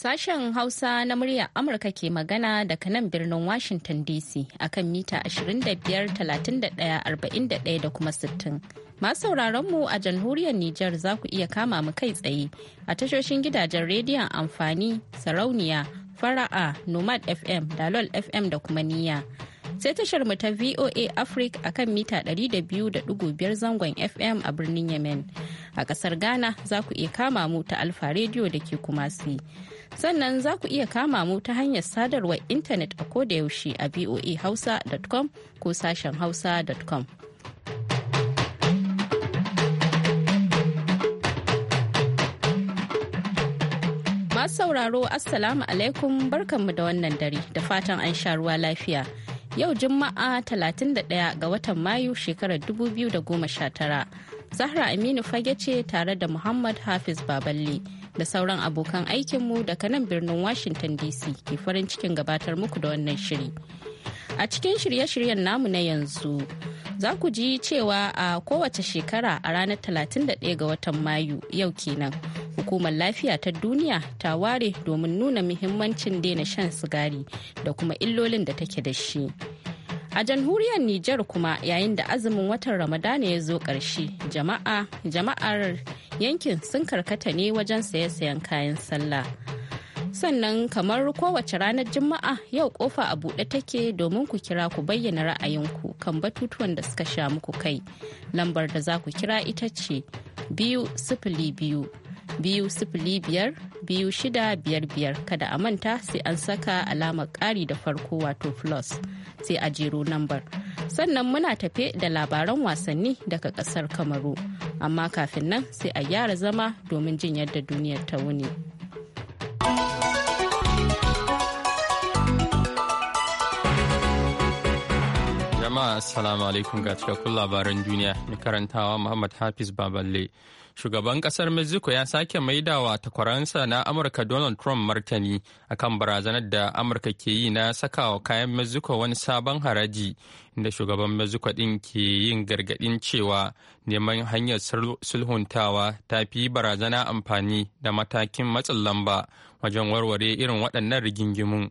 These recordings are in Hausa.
Sashen Hausa na muryar Amurka ke magana daga nan birnin Washington DC akan mita 25, 31, 41 da kuma 60. Masu sauraronmu a jamhuriyar Nijar za ku iya kama mu kai tsaye a tashoshin gidajen rediyon amfani, sarauniya, fara'a, Nomad FM, Dalol FM da kuma niya Sai tashar mu ta VOA Africa akan mita 200.5 zangon FM a birnin Yemen. A ƙasar Ghana za ku iya kama mu ta Alfa rediyo da ke Kumasi. sannan za ku iya kama mu ta hanyar sadarwar intanet a ko da yaushe a voahausa.com ko sashen hausa.com. Masu sauraro Assalamu alaikum barkanmu da wannan dare da fatan an sha ruwa lafiya. Yau Juma'a 31 ga watan Mayu shekarar 2019. Zahra Aminu fage ce tare da Muhammad Hafiz Baballe. da sauran abokan aikinmu daga nan birnin Washington DC ke farin cikin gabatar muku da wannan shiri. A cikin shirye-shiryen namu na yanzu, za ku ji cewa a kowace shekara a ranar 31 ga watan Mayu yau kenan. Hukumar lafiya ta duniya ta ware domin nuna muhimmancin daina shan sigari da kuma illolin da take da shi. A jamhuriyar Nijar kuma yayin da azumin watan Ramadana ya zo ƙarshe, jama'a jama'ar yankin sun karkata ne wajen saye-sayen kayan sallah. Sannan kamar kowace ranar Juma'a yau kofa a buɗe take domin ku kira ku bayyana ra'ayinku kan batutuwan da suka sha muku kai. Lambar da za ku kira ita ce biyu sifili biyu biyu sifili biyar biyu shida biyar biyar kada a manta sai an saka alamar ƙari da farko wato plus sai a jero nambar sannan muna tafe da labaran wasanni daga ƙasar kamaru amma kafin nan sai a gyara zama domin jin yadda duniyar ta wuni. jama'a assalamu alaikum ga cikakkun labaran duniya mai karantawa muhammad hafiz baballe shugaban kasar mexico ya sake maidawa takwaransa na amurka donald trump martani akan barazanar da amurka ke yi na sakawa kayan mexico wani sabon haraji inda shugaban mexico din ke yin gargadin cewa neman hanyar sulhuntawa ta fi barazana amfani da matakin matsin lamba wajen warware irin waɗannan rigingimun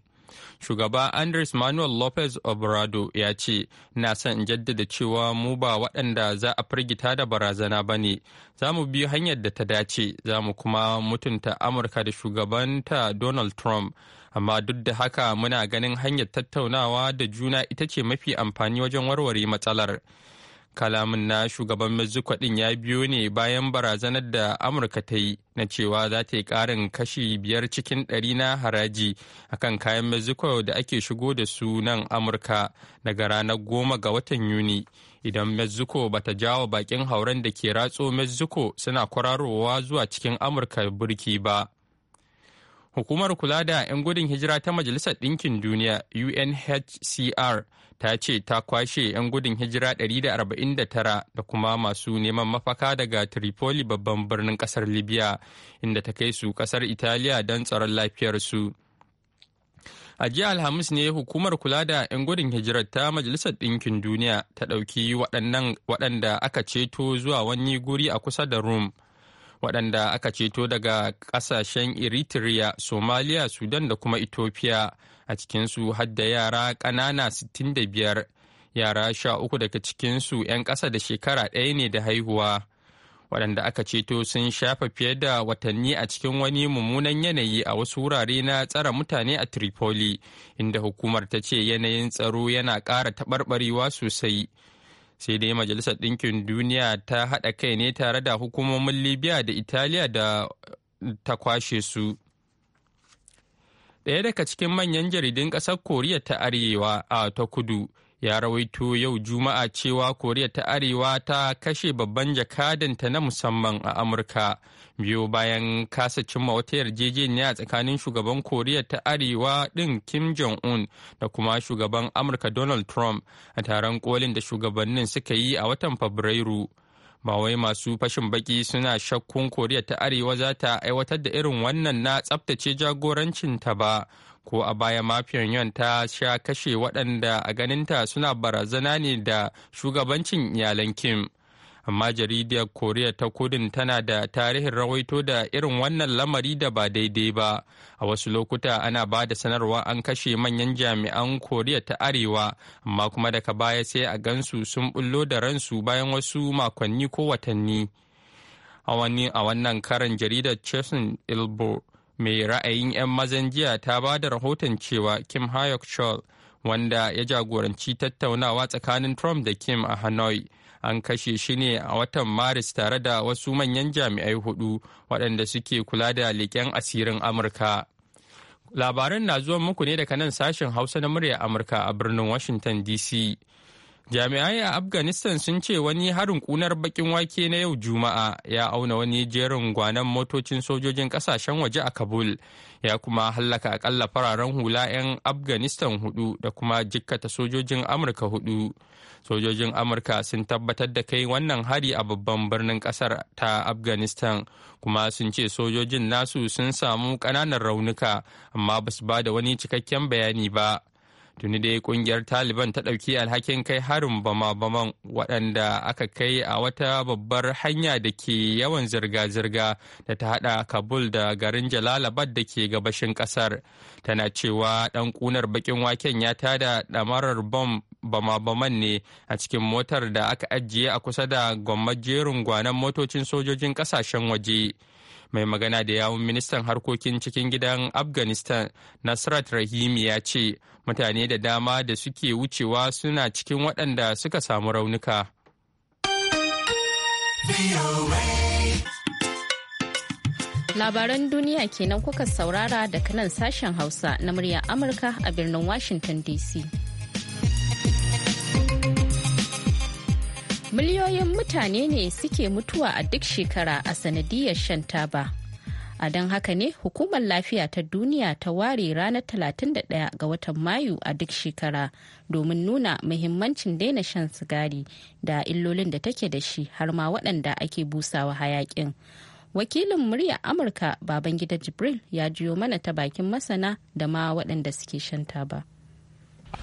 shugaba andres manuel lopez obrado ya ce na son in jaddada cewa mu ba waɗanda za a firgita da barazana ba ne za mu biyu hanyar da ta dace za mu kuma mutunta amurka da shugabanta donald trump amma duk da haka muna ganin hanyar tattaunawa da juna ita ce mafi amfani wajen warware matsalar. kalamin na shugaban mexico din ya biyo ne bayan barazanar da amurka ta yi na cewa za ta yi karin kashi biyar cikin ɗari na haraji akan kayan mexico da ake shigo da su nan amurka daga ranar goma ga watan yuni idan mexico ba ta jawo bakin hauren da ke ratso mexico suna kwararowa zuwa cikin amurka burki ba Hukumar kula da 'yan gudun hijira ta Majalisar Ɗinkin Duniya UNHCR ta ce ta kwashe 'yan gudun hijira 149 da kuma masu neman mafaka daga Tripoli babban birnin ƙasar Libya inda ta kai su ƙasar Italiya don tsaron lafiyarsu. A jiya Alhamis ne hukumar kula da 'yan gudun hijirar ta Majalisar Ɗinkin Duniya ta ɗauki waɗanda aka ceto zuwa wani guri a kusa da Rome. waɗanda aka ceto daga ƙasashen eritrea somalia sudan da kuma ethiopia a cikinsu hadda yara ƙanana 65 yara sha uku daga cikinsu 'yan ƙasa da shekara ɗaya ne da haihuwa waɗanda aka ceto sun shafa fiye da watanni a cikin wani mummunan yanayi a wasu wurare na tsara mutane a tripoli inda hukumar ta ce yanayin tsaro yana ƙara taɓarɓarewa sosai sai dai majalisar ɗinkin duniya ta haɗa kai ne tare da hukumomin libya da italiya da ta kwashe su ɗaya daga cikin manyan jaridun ƙasar koriya ta arewa a ta kudu ya rawaito yau juma'a cewa koriya ta arewa ta kashe babban jakadanta na musamman a amurka biyo bayan kasa cimma wata yarjejeniya tsakanin shugaban koriya ta arewa din kim jong-un da kuma shugaban amurka donald trump a taron kolin da shugabannin suka yi a watan fabrairu ba wai masu fashin baki suna shakkun koriya ta arewa za ta aiwatar da irin wannan na tsabtace jagorancinta ba ko a baya mafiyan Pyongyang ta sha kashe waɗanda a ganinta suna barazana ne da shugabancin iyalan Kim. Amma jaridiyar Koriya ta kudin tana da tarihin rawaito da irin wannan lamari da ba daidai ba. A wasu lokuta ana ba da sanarwa an kashe manyan jami'an Koriya ta Arewa, amma kuma daga baya sai a gansu sun bullo da ransu bayan wasu makonni ko watanni. A wannan karan jaridar Cheson Ilbo mai ra'ayin 'yan mazan jiya ta ba da rahoton cewa kim hayok chol wanda ya jagoranci tattaunawa tsakanin trump da kim a hanoi an kashe shi ne a watan maris tare da wasu manyan jami'ai hudu waɗanda suke kula da leƙen asirin amurka labaran na zuwan muku ne daga nan sashen hausa na murya amurka a birnin washington dc Jami'ai a Afghanistan sun ce wani harin kunar bakin wake na yau Juma'a ya auna wani jerin gwanan motocin sojojin kasashen waje a Kabul, ya kuma hallaka akalla fararen hula 'yan Afghanistan hudu da kuma jikkata sojojin Amurka hudu. Sojojin Amurka sun tabbatar da kai wannan hari a babban birnin kasar ta Afghanistan, kuma sun ce sojojin nasu sun samu ƙananan raunuka, amma ba su ba da wani cikakken bayani ba. tuni dai kungiyar taliban ta ɗauki alhakin kai harin bama-baman waɗanda aka kai a wata babbar hanya da ke yawan zirga-zirga da ta haɗa kabul da garin jalalabad da ke gabashin ƙasar tana cewa ɗan kunar baƙin waken ya tada ɗamarar bom bama-baman ne a cikin motar da aka ajiye a kusa da gwamnati jerin gwanon motocin sojojin ƙasashen waje mai magana da yawun ministan harkokin cikin gidan afghanistan nasrat rahimi ya ce mutane da dama da suke wucewa suna cikin waɗanda suka samu raunuka labaran duniya kenan kuka saurara daga nan sashen hausa na murya amurka a birnin washington dc miliyoyin mutane ne suke mutuwa a duk shekara a sanadiyar shan taba a don haka ne hukumar lafiya ta duniya ta ware ranar 31 ga watan mayu a duk shekara domin nuna muhimmancin daina shan sigari da illolin da take da shi har ma waɗanda ake busawa hayakin wakilin murya amurka babangida jibril ya jiyo mana ta bakin masana da ma waɗanda suke shan taba.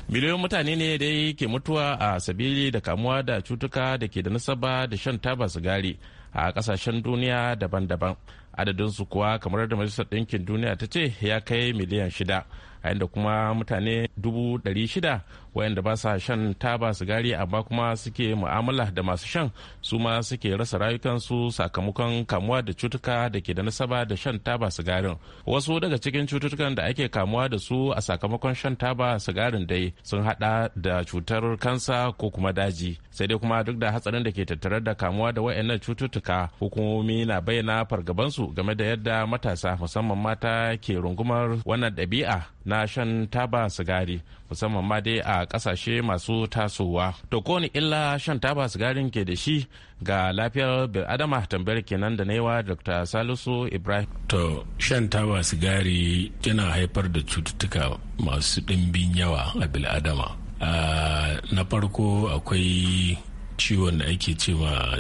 miliyoyin mutane ne dai ke mutuwa a sabili da kamuwa da cutuka da ke da nasaba da shan taba sigari a kasashen duniya daban-daban adadinsu kuwa kamar da majalisar ɗinkin duniya ta ce ya kai miliyan shida a yadda kuma mutane dubu ɗari shida wayanda ba sa shan taba sigari amma kuma suke mu'amala da masu shan su ma suke rasa rayukansu sakamakon kamuwa da cutuka da ke da nasaba da shan taba sigarin wasu daga cikin cututtukan da ake kamuwa da su a sakamakon shan taba sigarin dai sun hada da cutar kansa ko kuma daji sai dai kuma duk da hatsarin da ke tattare da kamuwa da wayannan cututtuka hukumomi na bayyana fargabansu game da yadda matasa musamman mata ke rungumar wannan ɗabi'a na shan taba sigari musamman ma dai a ƙasashe masu tasowa to kowane illa shan taba sigarin ke da shi ga lafiyar bil'adama tambayar kenan da naiwa dr salisu ibrahim to shan taba sigari yana haifar da cututtuka masu ɗimbin yawa a bil'adama na farko akwai ciwon da ake cewa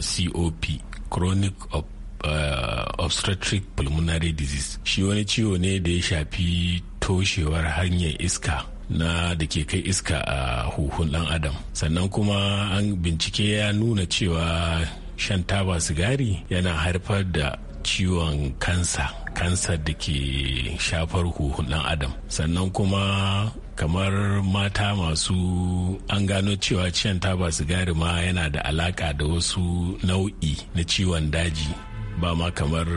cop chronic of Uh, obstetric pulmonary disease shi wani ciwo ne da ya shafi toshewar hanyar iska na da ke kai iska a huhun dan adam sannan kuma an bincike ya nuna cewa shan taba sigari yana haifar da ciwon kansa kansar da ke shafar huhun dan adam sannan kuma kamar mata masu an gano cewa ciyan taba sigari ma yana da alaka da wasu nau'i na ciwon daji ba ma kamar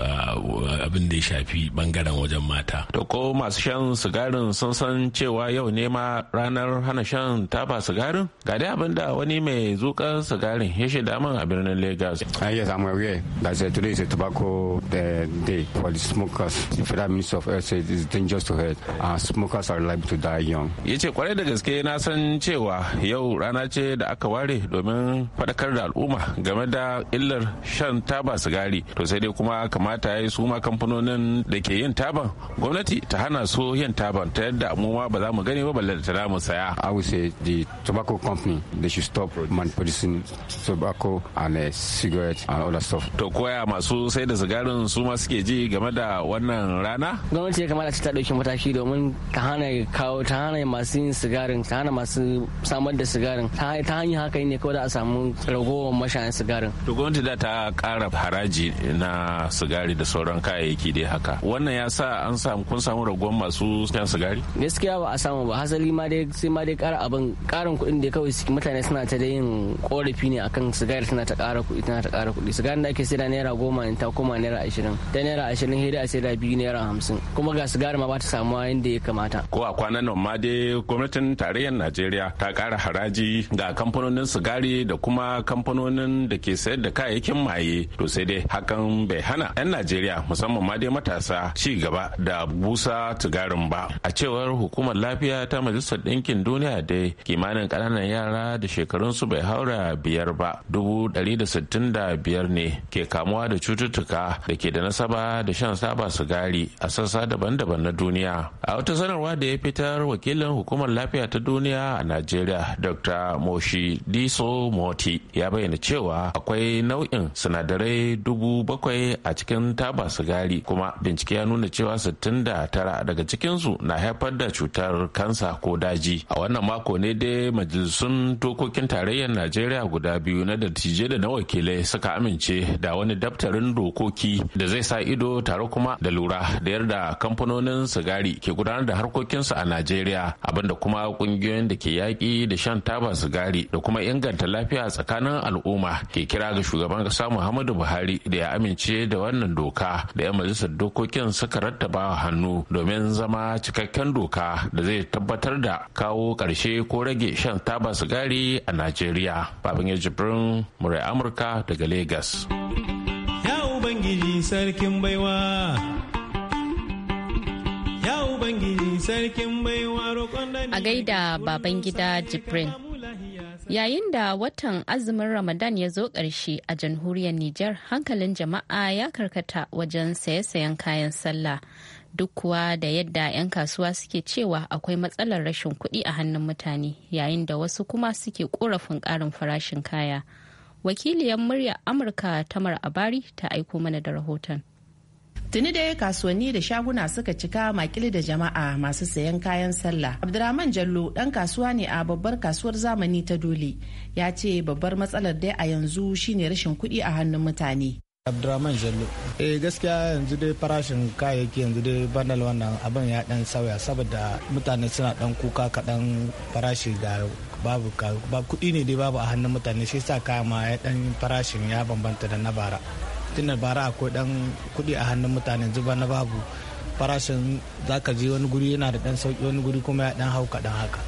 ah, abin da ya shafi bangaren wajen mata. To ko masu shan sigarin sun san cewa yau ne ma ranar hana shan taba sigarin? Ga dai abin da wani mai zuƙar sigarin ya shaida min a birnin Lagos. Ah, yes, I'm aware that uh, today is a tobacco uh, day for the smokers. The federal minister of health says it's dangerous to health and smokers are liable to die young. Ya ce kwarai da gaske na san cewa yau rana ce da aka ware domin faɗakar da al'umma game da illar shan taba sigarin. kare to sai dai kuma kamata ya yi su ma kamfanonin da ke yin taban gwamnati ta hana su yin taban ta yadda mu ma ba za mu gani ba balle da mu saya i would say the tobacco company they should stop man tobacco and uh, cigarette and other stuff to koya masu sai da sigarin su ma suke ji game da wannan rana gwamnati ya kamata ta dauki mataki domin ta hana kawo ta hana masu yin sigarin ta hana masu samar da sigarin ta hanyar haka ne kawai da a samu ragowar mashayan sigarin to gwamnati da ta kara haraji daji na sigari da sauran kayayyaki dai haka wannan ya sa an samu kun samu ragon masu shan sigari gaskiya ba a samu ba hasali ma dai sai ma dai kara abin karin kuɗin da kawai mutane suna ta da yin korafi ne akan sigari tana ta kara kuɗi tana ta kara kuɗi sigarin da ake sai da naira goma in ta koma naira ashirin ta naira ashirin sai da a sai da biyu naira hamsin kuma ga sigari ma ba ta samuwa yadda ya kamata ko a kwanan nan ma dai gwamnatin tarayyar najeriya ta kara haraji ga kamfanonin sigari da kuma kamfanonin da ke sayar da kayayyakin maye to sai dai hakan bai hana 'yan najeriya musamman ma dai matasa ci gaba da busa tugarin ba a cewar hukumar lafiya ta majalisar ɗinkin duniya dai kimanin ƙananan yara da shekarunsu bai haura biyar ba dubu ɗari da sittin da biyar ne ke kamuwa da cututtuka da ke da nasaba da shan saba sigari a sassa daban-daban na duniya a wata sanarwa da ya fitar wakilin hukumar lafiya ta duniya a najeriya dr moshi diso moti ya bayyana cewa akwai nau'in sinadarai dubu bakwai a cikin taba sigari kuma bincike ya nuna cewa sittin da tara daga cikinsu na haifar da cutar kansa ko daji a wannan mako ne dai majalisun dokokin tarayyar najeriya guda biyu na dattijai da na wakilai suka amince da wani daftarin dokoki da zai sa ido tare kuma da lura da yarda kamfanonin sigari ke gudanar da harkokinsu a najeriya abinda kuma kungiyoyin da ke yaƙi da shan taba sigari da kuma inganta lafiya tsakanin al'umma ke kira ga shugaban ƙasa muhammadu buhari da ya amince da wannan doka da ya majalisar dokokin suka rattaba hannu domin zama cikakken doka da zai tabbatar da kawo ƙarshe ko rage shan taba sigari a najeriya babin ya jibrin murai amurka daga lagos ya ubangiji sarkin baiwa a gaida Babangida gida jibrin Yayin da watan azumin Ramadan ya zo ƙarshe a jamhuriyar Nijar hankalin jama'a ya karkata wajen saye-sayen kayan sallah. Duk kuwa da yadda 'yan kasuwa suke cewa akwai matsalar rashin kuɗi a hannun mutane yayin da wasu kuma suke ƙorafin ƙarin farashin kaya. Wakiliyar muryar Amurka Tamar Abari ta aiko mana da rahoton. Tuni dai kasuwanni da shaguna suka cika makili da jama'a masu sayan kayan sallah. Abdurrahman Jallo dan kasuwa ne a babbar kasuwar zamani ta Dole. Ya ce babbar matsalar dai a yanzu shine rashin kuɗi a hannun mutane. Abdurrahman Jallo. Eh gaskiya yanzu dai farashin kayayyaki yanzu dai banal wannan abin ya dan sauya saboda mutane suna dan kuka kaɗan farashi ga babu kuɗi ne dai babu a hannun mutane shi sa kaya ma ya dan farashin ya bambanta da na bara. tunan bara akwai dan kuɗi a hannun mutane zuba na babu farashin ka je wani guri yana da dan sauki wani guri kuma ya dan hau kaɗan haka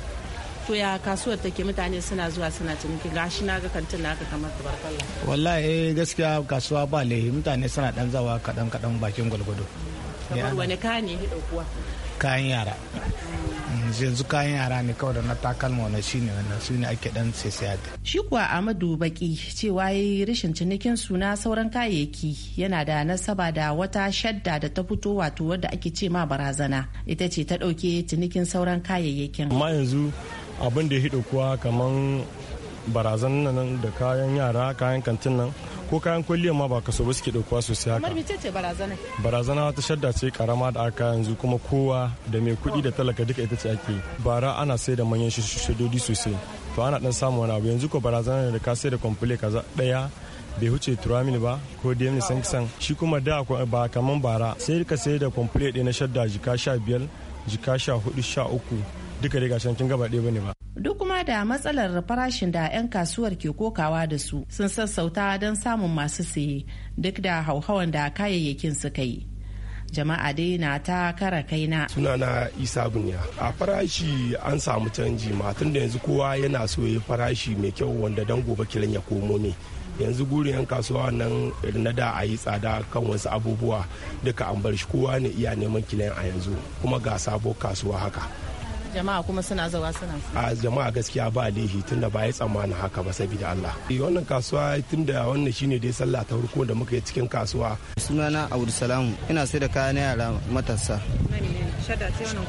to ya kasuwar take mutane suna zuwa suna ciniki gashi na ga kantin ka kamar tabarkalla wallahi eh gaskiya kasuwa ba lehi mutane suna dan zawa kaɗan kaɗan bakin gwalgwado kamar wani kayan yara yanzu kayan yara ne kawai da na takalma na shine wannan su ne ake dan sesiyar shi kuwa amadu baki cewa yayi rashin cinikin suna sauran kayayyaki yana da nasaba da wata shadda da ta fito wato wadda ake ce ma barazana ita ce ta ɗauke cinikin sauran kayayyakin amma yanzu abin da ya hido kuwa kaman barazanan nan da kayan yara kayan kantin nan ko kayan kwalliyar ma ba kaso ba suke ɗaukuwa sosai haka. Kamar ta barazana? wata shadda ce karama da aka yanzu kuma kowa da mai kuɗi da talaka duka ita ce ake. Bara ana sai da manyan shadodi sosai. To ana ɗan samu wani abu yanzu ko barazana da ka sai da kwamfule kaza ɗaya bai huce turamil ba ko san kisan. shi kuma da ba kaman bara sai ka sai da kwamfule ɗaya na shadda jika sha biyar jika sha hudu sha uku duka dai gashin kin gaba ɗaya bane ba duk kuma da matsalar farashin da 'yan kasuwar ke kokawa da su sun sassauta don samun masu siye duk da hauhawan da kayayyakin suka yi jama'a dai na ta kara kaina sunana isa bunya a farashi an samu canji matan da yanzu kowa yana so ya farashi mai kyau wanda dan gobe kiran ya komo ne yanzu guri yan kasuwa nan na da a yi tsada kan wasu abubuwa duka an bar shi kowa ne iya neman kilan a yanzu kuma ga sabo kasuwa haka jama'a kuma suna zawa suna a jama'a gaskiya ba tun tunda ba ya tsammanin haka ba saboda Allah eh, wannan kasuwa tun da wannan shine dai sallah ta farko da muka yi cikin kasuwa sunana salamu ina sai da kayan yara matasa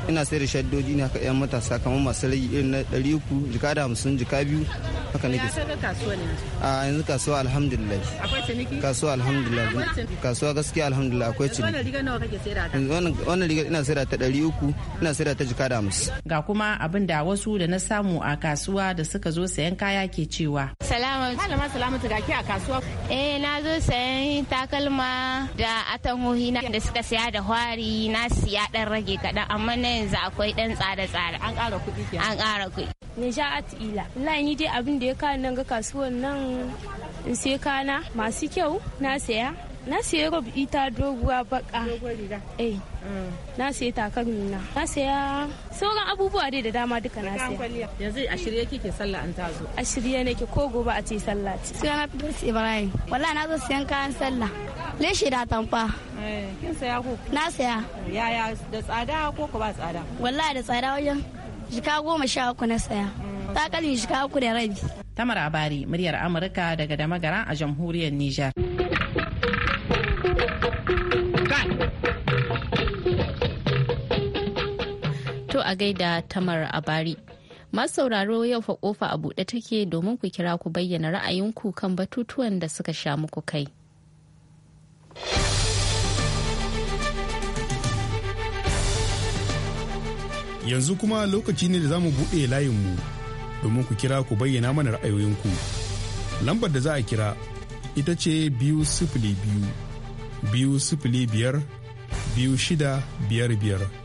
ina sayar da shaddoji ne haka yan matasa kamar masu rage irin na ɗari uku jika da hamsin jika biyu haka nake kasuwa ne a yanzu kasuwa alhamdulillah kasuwa alhamdulillah kasuwa gaskiya alhamdulillah akwai ciniki wannan riga nawa kake sayar ina sayar ta ɗari uku ina sayar ta jika da hamsin ga kuma abin da wasu da na samu a kasuwa da suka zo sayan kaya ke cewa salama malama salama ta gaki a kasuwa eh na zo sayan takalma da atanhohi na da suka saya da hwari na siya dan rage kaɗan amma na yanzu akwai ɗan tsare-tsare an ƙara kuɗi an ƙara kuɗi ne sha'at ila ni dai abin da ya kawo nan ga kasuwan nan in sai kana masu kyau na saya na siya rob ita doguwa baka eh. mm. na siya takalmi na na siya sauran abubuwa dai da dama duka na siya yanzu a shirye kike sallah an tazo a shirye nake ko gobe a ce sallah ce sai na fito ibrahim wallahi na zo siyan kayan sallah leshi da tamfa eh, kin saya ko na saya yaya da tsada ko ko ba tsada wallahi da tsada wajen jika goma sha uku na saya mm. takalmi jika uku da rabi tamar abari muryar amurka daga damagara a jamhuriyar nijar a gaida tamar abari bari. Masu sauraro yau fa kofa a buɗe take domin ku kira ku bayyana ra'ayinku kan batutuwan da suka sha muku kai. Yanzu kuma lokaci ne da za mu buɗe layinmu domin ku kira ku bayyana mana ra'ayoyinku. Lambar da za a kira ita ce biyu sifili biyu, biyu sifili biyar, biyu shida biyar biyar.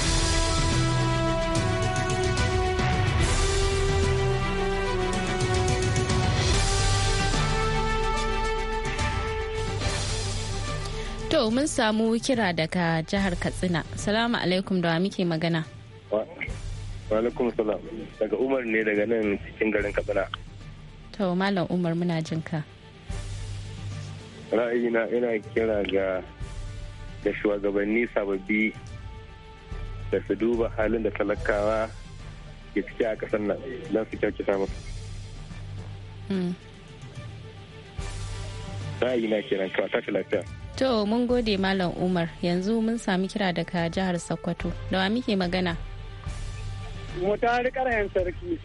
To mun samu kira daga jihar Katsina. Salamu alaikum da muke magana. Wa alaikum salam. Daga Umar ne daga nan cikin garin Katsina. To Malam Umar muna jin ka. Ra'ayina ina kira ga da shugabanni sababbi da su duba halin da talakawa ke ciki a kasar nan don su kyautata musu. Hmm. Ra'ayina kenan kawata shi lafiya. To mun gode Malam Umar yanzu mun sami kira daga jihar Sokoto. Da wa muke magana? Mutari karhen sarki.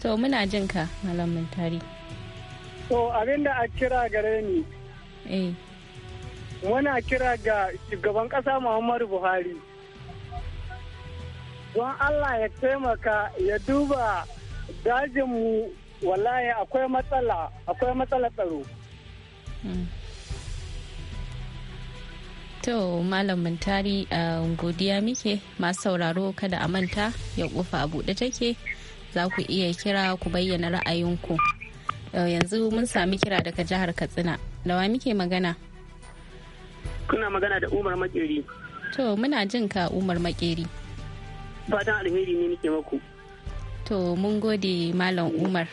To muna jin ka Malam Mutari. To abinda a kira gare ni. Eh. Muna kira ga shugaban ƙasa Muhammadu Buhari. Don Allah ya taimaka ya duba dajinmu wallahi akwai matsala akwai matsala tsaro. Mm. To Malam Mintari godiya muke masu sauraro kada a manta ya kofa a buɗe take za ku iya kira ku bayyana ra'ayinku. Yanzu mun sami kira daga jihar Katsina. Da wa muke magana? Kuna magana da Umar Makeri. To muna jin ka Umar Makeri. Fatan alheri ne nake maku. To mun gode Malam Umar.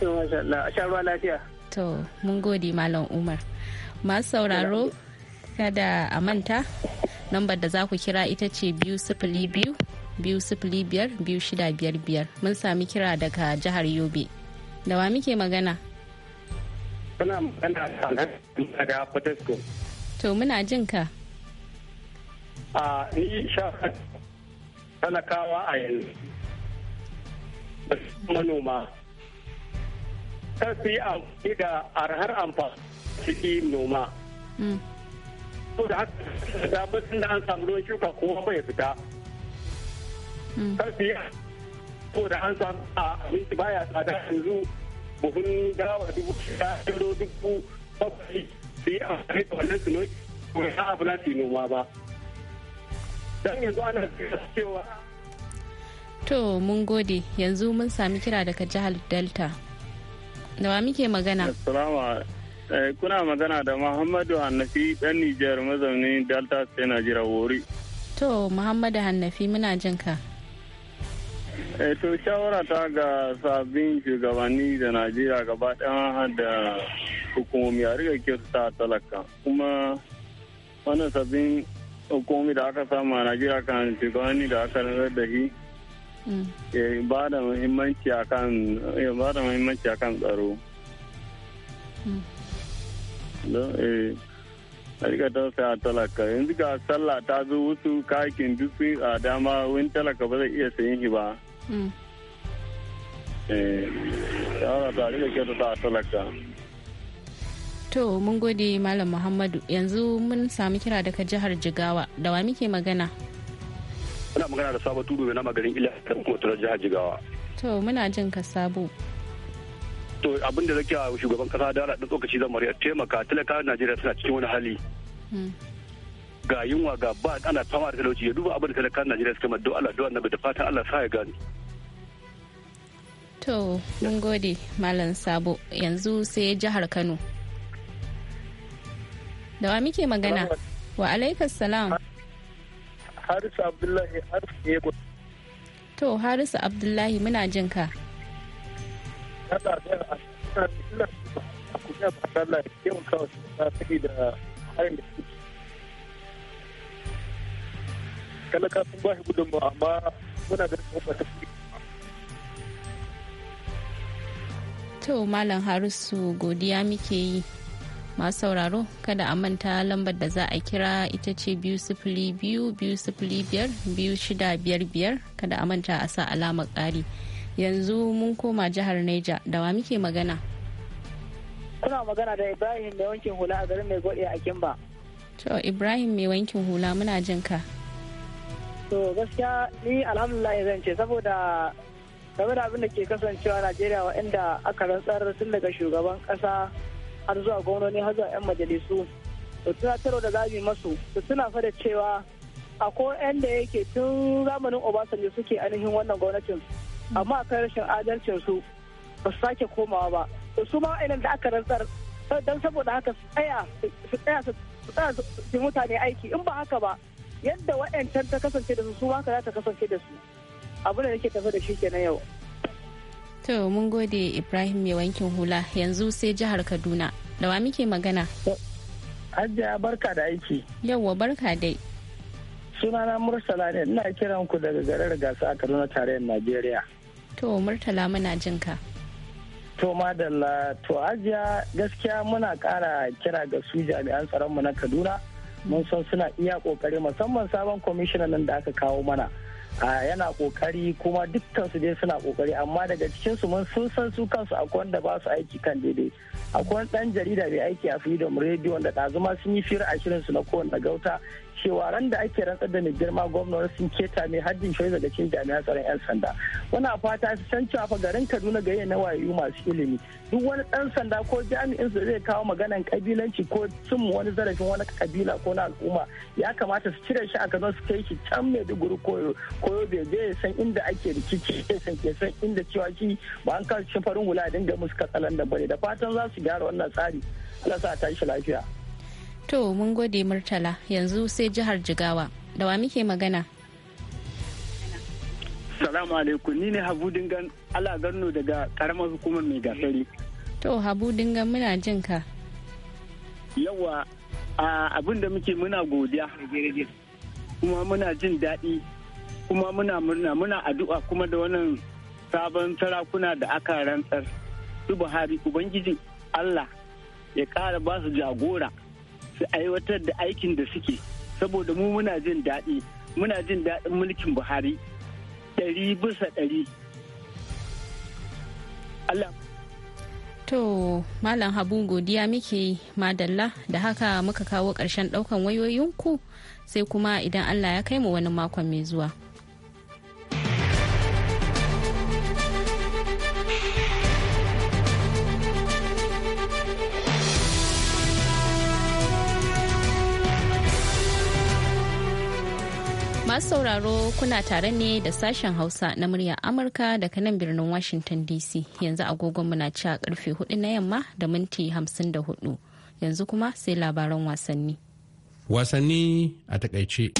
To a ruwa lafiya. To mun gode Malam Umar. Masu sauraro kada a manta lambar da za ku kira ita ce biyu sifili biyu biyu sifili biyar biyu shida biyar biyar mun sami kira daga jihar yobe da wa muke magana suna magana sanar da daga Potesko. To muna jin ka. A ni sha talakawa a yanzu. Manoma. Kar su yi amfani da arhar amfani noma. Mm. so da haka da batun da an samu ruwan shuka kowa bai fita hmm. karfi so da an samu a abinci baya tsada yanzu buhun dawa dubu shida euro dubu bakwai su yi amfani da wannan su noki ko ya abu na su noma ba dan yanzu ana cewa To mun gode yanzu mun sami kira daga jihar Delta. Da wa muke magana? Assalamu Eh, kuna magana da Muhammadu Hannafi dan Nijar mazaunin Delta State Najeriya Wori. To Muhammadu Hannafi muna jin ka. E, to shawara ta ga sabbin shugabanni da Najeriya gaba ɗaya da hukumomi a riga kyauta talaka kuma wannan sabbin hukumomi da aka samu a Najeriya kan shugabanni da aka rarrar da shi mm. ba da muhimmanci akan tsaro. Mm. don eh harika tausaya talaka yanzu ga sallah ta zo wasu kayakin duk sun a dama wani talaka ba zai iya sayin shi ba eh ta harika kyautata talaka To mun gode Malam Muhammadu yanzu mun sami kira daga jihar Jigawa da wa muke magana? Muna magana da Sabo Tudu na magarin Ila da kuma jihar Jigawa. To muna jin ka Sabo. to abin da zaki a shugaban kasa da ɗan tsokaci zan mariya taimaka talaka najeriya suna cikin wani hali hmm. ga yunwa ga ba ana fama da talauci ya duba abin da talaka najeriya suka ma Allah do annabi da fatan Allah sa ya gani. to mun gode malam sabo yanzu sai jihar kano da wa muke magana wa alaikas salam harisu abdullahi harisu to harisu abdullahi muna jin ka Allah ya a ina a kuma ba Allah ya kewa kawai ta sai da harin da su talaka sun ba shi gudunmawa amma muna da su ba tafi fi to malam harisu godiya muke yi masu sauraro kada a manta lambar da za a kira ita ce biyu sifili biyu biyu sifili biyar biyu shida biyar biyar kada a manta a sa alamar kari. yanzu mun koma jihar neja da wa muke magana kuna magana da ibrahim mai wankin hula a garin mai gode a kimba to ibrahim mai wankin hula muna jin ka to gaskiya ni alhamdulillah zan ce saboda game da abin da ke kasancewa najeriya waɗanda aka rantsar tun daga shugaban kasa har zuwa gwamnoni har zuwa 'yan majalisu to tunatarwa da zabi masu to suna fada cewa akwai 'yan da yake tun zamanin obasanjo suke ainihin wannan gwamnatin amma a kan rashin adalcin su ba su sake komawa ba su ma wa'annan da aka rantsar don saboda haka su tsaya su tsaya su tsaya su mutane aiki in ba haka ba yadda wayancan ta kasance da su su ka za ta kasance da su abu da nake tafi da shi kenan yau to mun gode ibrahim mai wankin hula yanzu sai jihar kaduna da wa muke magana ya barka da aiki yawwa barka dai sunana mursala ne ina kiran ku daga garar gasa a kaduna tarayyar najeriya To Murtala muna jin ka. To madalla to ajiya gaskiya muna kara kira ga su jami'an tsaronmu na Kaduna mun san suna iya kokari musamman sabon kwamishinan nan da aka kawo mana yana kokari kuma dukkan su dai suna kokari amma daga cikin su mun sun san su kansu akwai wanda ba su aiki kan daidai akwai dan jarida mai aiki a freedom radio wanda ɗazuma sun yi fira ashirin su na kowane gauta cewa ran da ake rantsar da mai girma gwamnati sun keta mai haddin shi daga cikin jami'an tsaron 'yan sanda muna fata su san cewa fa garin kaduna gari na wayoyi masu ilimi duk wani dan sanda ko jami'in su zai kawo maganan kabilanci ko cin wani zarafin wani kabila ko na al'umma ya kamata su cire shi a kaduna su kai shi can mai duguru ko ko da je ya san inda ake rikici ya san ke san inda cewa shi ba an kawo shi farin hula dinga musu katsalan da bare da fatan za su gyara wannan tsari Allah sa ta shi lafiya to mun gode murtala yanzu sai jihar jigawa da wa muke magana salamu alaikum ni ne habu dingan ala ganno daga karamar hukumar mai gasari to habu dingan muna jin ka yawa abin da muke muna godiya kuma muna jin daɗi kuma muna murna muna addu'a kuma da wannan sabon sarakuna da aka rantsar su buhari ubangiji allah ya kara ba su jagora su aiwatar da aikin da suke saboda mu muna jin daɗi muna jin daɗin mulkin buhari ɗari bisa ɗari allah To, Malam Habu godiya muke madalla da haka muka kawo ƙarshen ɗaukan wayoyinku sai kuma idan Allah ya kai mu wani makon mai zuwa. Masu sauraro kuna tare ne da sashen Hausa na murya Amurka daga nan birnin Washington DC yanzu agogonmu na ci a karfe 4 na yamma da minti 54 yanzu kuma sai labaran wasanni. Wasanni a takaice.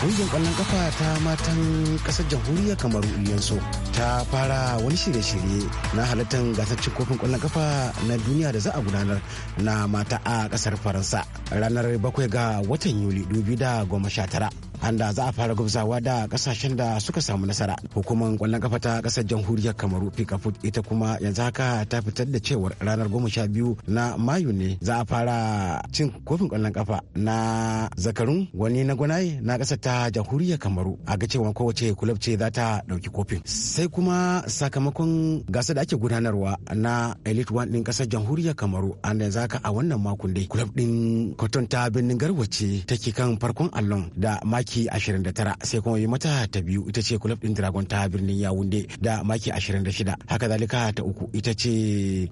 ƙungiyar ƙwallon kafa ta matan ƙasar jamhuriyar kamaru yanzu ta fara wani shirye-shirye na halittar gasar cin kofin ƙwallon kafa na duniya da za a gudanar na mata a ƙasar faransa ranar bakwai ga watan yuli 2019 anda za a fara gubzawa da kasashen da suka samu nasara hukumar kwallon kafa ta kasar jamhuriyar kamaru pikafut ita kuma yanzu haka ta fitar da cewar ranar goma sha biyu na mayu ne za a fara cin kofin kwallon kafa na zakarun wani na gwanaye na kasar ta jamhuriyar kamaru a ga cewa kowace kulab ce za ta dauki kofin sai kuma sakamakon gasar da ake gudanarwa na elite one din kasar jamhuriyar kamaru an yanzu haka a wannan makon dai kulab din cotton ta birnin garwace take kan farkon allon da maki maki 29 sai kuma yi mata ta biyu ita ce club din dragon ta birnin yawunde da maki 26 haka zalika ta uku ita ce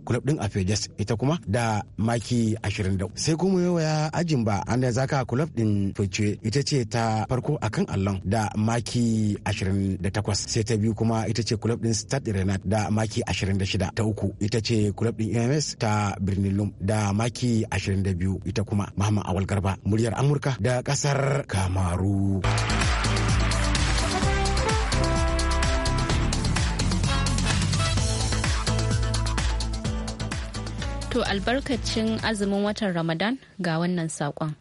club din afejas ita kuma da maki 20 sai kuma yawa ya ajin ba an da zaka club din fice ita ce ta farko akan allon da maki 28 sai ta biyu kuma ita ce club din stade renat da maki 26 ta uku ita ce club din EMS ta birnin lum da maki 22 ita kuma muhammad awal garba muryar amurka da kasar kamaru To albarkacin azumin watan Ramadan ga wannan saƙon.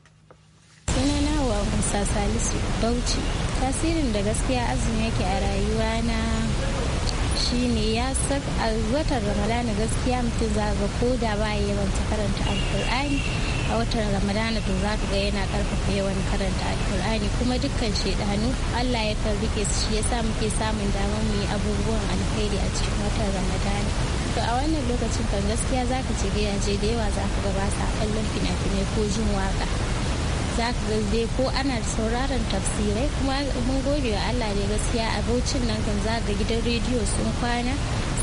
Sunana wa Musa Salisu Bauchi. Tasirin da gaskiya azumi yake a rayuwa na shine ya san a watan ramadana gaskiya mutum za ga ko da ba yawan karanta alkur'ani a watan ramadana to za ga yana karfafa yawan karanta alkur'ani kuma dukkan shaidanu allah ya kan rike su shi yasa muke samun damar mu yi abubuwan alkhairi a cikin watan ramadana to a wannan lokacin kan gaskiya ka ci gidaje da yawa za ka ga ba sa kallon fina-finai ko jin waka za ka ga dai ko ana sauraron tafsirai kuma mun gode wa Allah ne gaskiya abocin nan kan za ga gidan rediyo sun kwana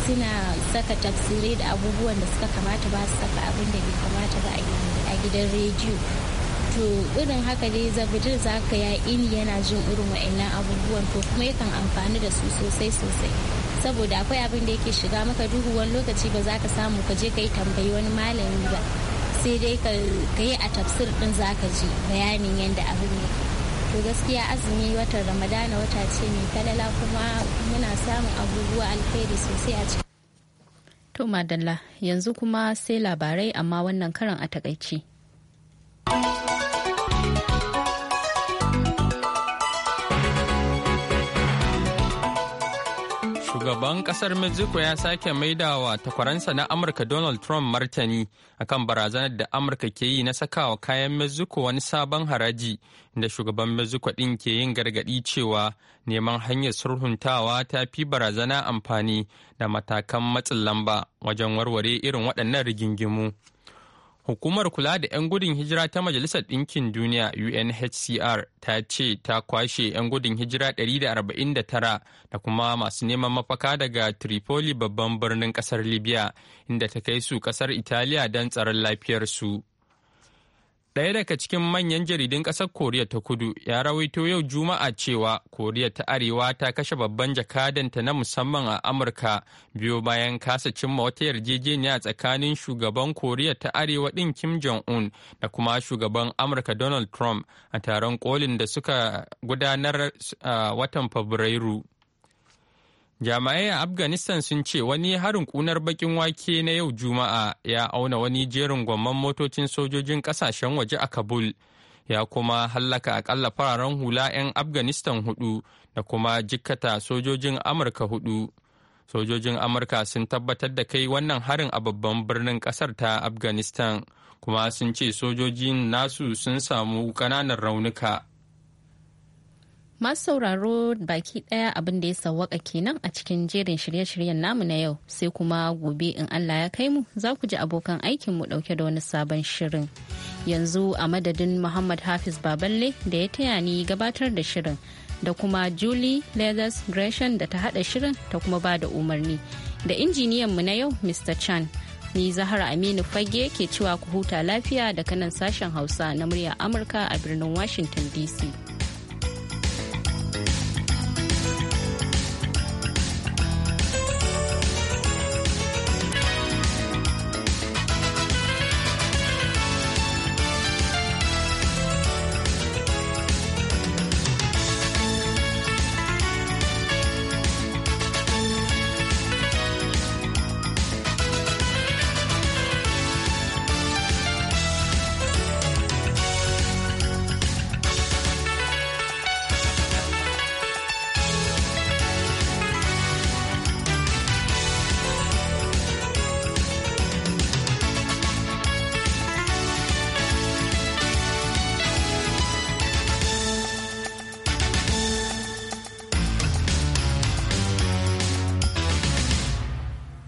suna saka tafsirai da abubuwan da suka kamata ba su saka abin da bai kamata ba a gidan rediyo to irin haka dai zabijin za ka ya ini yana jin irin wa'annan abubuwan to kuma yakan amfani da su sosai sosai saboda akwai abin da yake shiga maka duhu wani lokaci ba za ka samu ka je ka yi tambayi wani malami ba sai dai ka yi a tafsir din zaka ji bayanin yadda abin ne to gaskiya azumi watan ramadana wata ce mai falala kuma muna samun abubuwa alkhairi sosai a cikin to madalla yanzu kuma sai labarai amma wannan karan a takaici. Shugaban kasar Mexico ya sake maidawa takwaransa na Amurka Donald Trump martani akan barazanar da Amurka ke yi na sakawa kayan Mexico wani sabon haraji da shugaban Mexico ɗin ke yin gargaɗi cewa neman hanyar sulhuntawa ta fi barazana amfani da matakan matsin lamba wajen warware irin waɗannan rigingimu. Hukumar kula da 'yan gudun hijira ta Majalisar Ɗinkin Duniya UNHCR ta ce ta kwashe 'yan gudun hijira 149 da kuma masu neman mafaka daga Tripoli babban birnin ƙasar Libya inda ta kai su ƙasar Italiya don tsaron lafiyarsu. Ɗaya daga cikin manyan jaridun ƙasar Koriya ta kudu ya rawaito yau Juma'a cewa Koriya ta Arewa ta kashe babban jakadanta na musamman a Amurka biyo bayan kasa cimma wata yarjejeniya tsakanin shugaban Koriya ta Arewa ɗin Kim Jong-un da kuma shugaban Amurka Donald Trump a taron kolin da suka gudanar a ah, watan Fabrairu. Jami'ai a Afghanistan sun ce wani harin kunar bakin wake na yau Juma'a ya auna wani jerin gwamman motocin sojojin kasashen waje a Kabul, ya kuma hallaka akalla fararen hula 'yan Afghanistan hudu da kuma jikkata sojojin Amurka hudu. Sojojin Amurka sun tabbatar da kai wannan harin a babban birnin kasar ta Afghanistan, kuma sun ce sojojin nasu sun samu ƙananan raunuka. Masu sauraro baki ɗaya abin da ya sauwaka kenan a cikin jerin shirye-shiryen namu na yau sai kuma gobe in Allah ya kai mu za ku ji abokan aikin mu ɗauke da wani sabon shirin. Yanzu a madadin Muhammad Hafiz Baballe da ya taya ni gabatar da shirin da kuma Julie Leathers Gresham da ta haɗa shirin ta kuma ba da umarni. Da injiniyan mu na yau Mr. Chan. Ni Zahara Aminu Fage ke cewa ku huta lafiya da nan sashen Hausa na murya Amurka a birnin Washington DC.